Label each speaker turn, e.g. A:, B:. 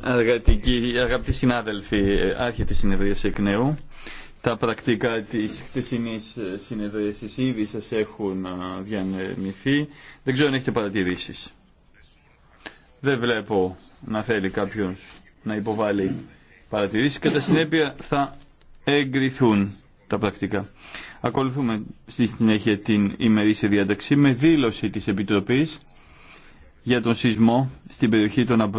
A: Αγαπητοί, αγαπητοί συνάδελφοι, άρχεται η συνεδρίαση εκ νέου. Τα πρακτικά της χτεσινής συνεδρίασης ήδη σας έχουν διανεμηθεί. Δεν ξέρω αν έχετε παρατηρήσει. Δεν βλέπω να θέλει κάποιο να υποβάλει παρατηρήσει. Κατά συνέπεια θα εγκριθούν τα πρακτικά. Ακολουθούμε στη συνέχεια την ημερήσια διάταξη με δήλωση της Επιτροπής για τον σεισμό στην περιοχή των